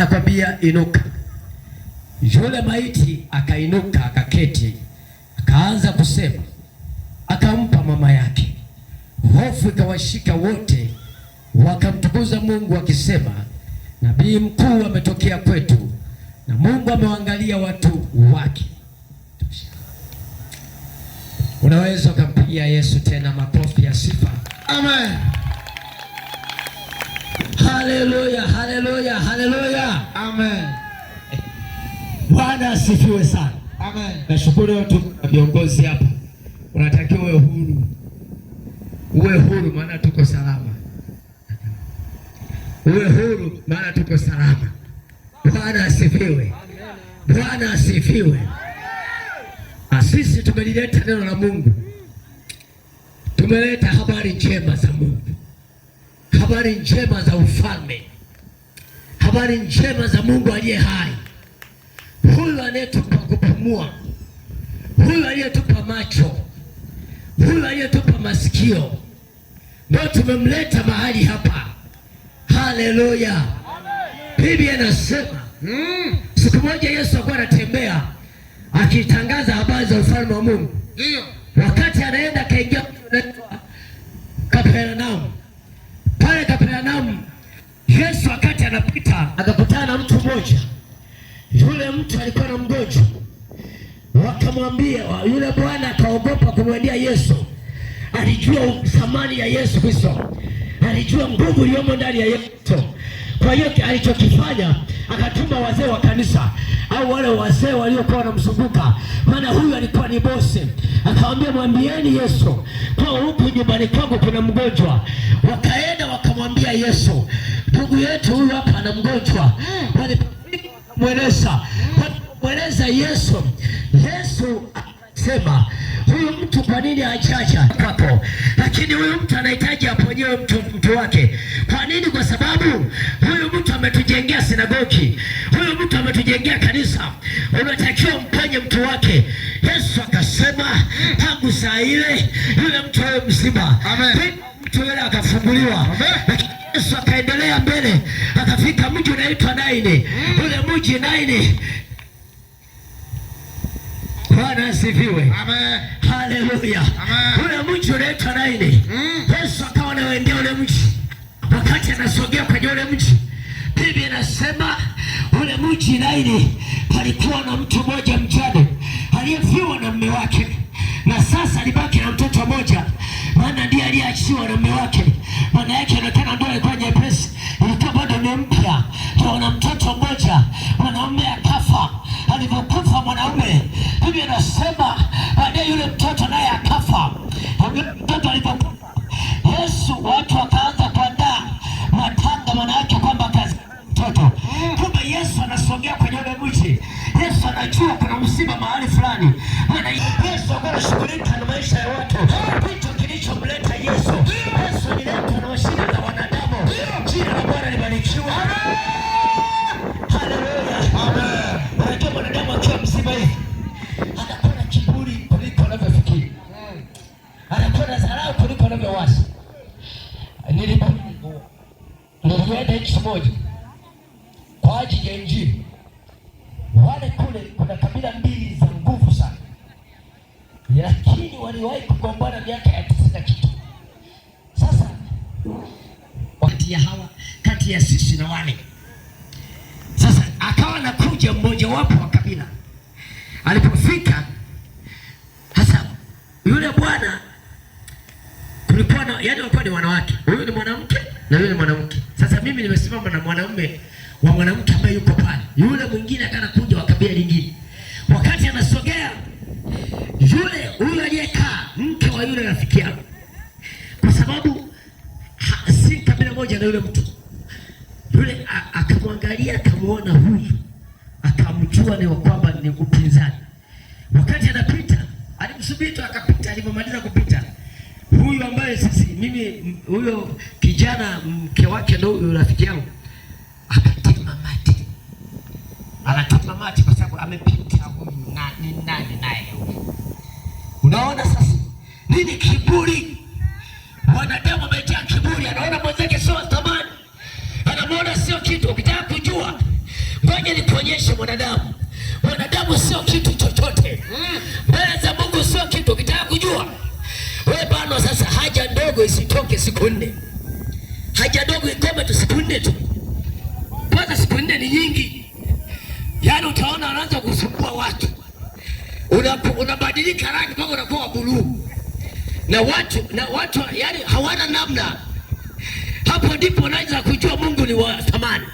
anakwambia inuka. Yule maiti akainuka, akaketi, akaanza kusema, akampa mama yake. Hofu ikawashika wote, wakamtukuza Mungu akisema, nabii mkuu ametokea kwetu na Mungu amewaangalia watu wake. Unaweza ukampigia Yesu tena makofi ya sifa. Amen. Haleluya, haleluya, haleluya. Amen. Bwana asifiwe sana. Amen. Nashukuru watu na viongozi hapa. Unatakiwa uwe huru. Uwe huru maana tuko salama. Uwe huru maana tuko salama. Bwana asifiwe. Bwana asifiwe. Sisi tumelileta neno la Mungu. Tumeleta habari njema za Mungu habari njema za ufalme, habari njema za Mungu aliye hai, huyu anayetupa kupumua, huyu aliyetupa macho, huyu aliyetupa masikio, ndio tumemleta mahali hapa. Haleluya! Biblia inasema mm, siku moja Yesu alikuwa anatembea akitangaza habari za ufalme wa Mungu. Ndio wakati anaenda akaingia Kapernaum anapita akakutana na mtu mmoja. Yule mtu alikuwa na mgonjwa, wakamwambia yule bwana akaogopa kumwendea Yesu. Alijua thamani ya Yesu Kristo, alijua nguvu iliyomo ndani ya Yesu. Kwa hiyo alichokifanya akatuma wazee wa kanisa au wale wazee waliokuwa wanamzunguka, maana huyu alikuwa ni bosi. Akamwambia, mwambieni Yesu kwa huku nyumbani kwangu kuna mgonjwa. Wakaenda wakamwambia Yesu ndugu yetu huyu hapa ana mgonjwa, hmm. walipomweleza Yesu, Yesu akasema huyu mtu kwa nini achacha hapo? Lakini huyu mtu anahitaji aponyewe mtu, mtu wake. Kwa nini? Kwa sababu huyu mtu ametujengea sinagogi, huyu mtu ametujengea kanisa, unatakiwa mponye mtu wake. Yesu akasema tangu saa ile yule mtu awe mzima, mtu yule akafunguliwa ya mbele, akafika mji unaitwa Naini. Hmm. Ule mji Naini, Bwana asifiwe, haleluya. Ule mji unaitwa Naini. Hmm. Yesu akawa anaendea ule mji, wakati anasogea kwenye ule mji, Biblia inasema ule mji Naini palikuwa na mtu mmoja mjane aliyefiwa na mume wake, na sasa alibaki na mtoto mmoja, maana ndiye aliyeachiwa na mume wake, maana yake anataka kusogea kwenye bebuchi. Yesu anajua kuna msiba mahali fulani, maana Yesu anashughulika na maisha ya watu. Hicho kilichomleta Yesu, Yesu ni leta na shida za wanadamu. Jina la Bwana libarikiwe. Haleluya, amen. Unajua mwanadamu akiwa msiba hivi anakuwa na kiburi kuliko anavyofikiri, anakuwa na dharau kuliko anavyowasi. Nilienda nchi moja kwa ajili ya Injili kule kuna kabila mbili za nguvu sana, lakini waliwahi kugombana miaka ya tisini na kitu. Sasa wakati ya hawa kati ya sisi na wale sasa, akawa mmoja mmojawapo wa kabila. Alipofika hasa yule bwana, kulikuwa na yani, walikuwa ni wanawake, huyu ni mwanamke na yule mwanamke. Sasa mimi nimesimama na mwanamume wa mwanamke ambaye yuko pale, yule mwingine akana anakaribia lingine. Wakati anasogea yule huyo aliyekaa mke wa yule rafiki yako, kwa sababu ha, si kabila moja na yule mtu yule, akamwangalia akamuona huyu, akamjua ni kwamba ni upinzani. Wakati anapita alimsubiri tu akapita, alivyomaliza kupita huyu ambaye sisi mimi huyo kijana mke wake ndio rafiki yangu, akatema mate, anatema mate amepita ni nani naye. huyu. Unaona sasa nini kiburi? Wanadamu amejaa kiburi, anaona mwenzake sio thamani, anamwona sio kitu. Ukitaka kujua, ngoja nikuonyeshe mwanadamu. Mwanadamu sio kitu chochote mbele za Mungu, sio kitu. Ukitaka kujua wewe bana, sasa haja ndogo isitoke siku nne, haja ndogo ikome tu siku nne tu utaona anaanza kusumbua watu, unabadilika rangi mpaka unakuwa buluu na watu na watu, yani hawana namna. Hapo ndipo unaweza kujua Mungu ni wa thamani.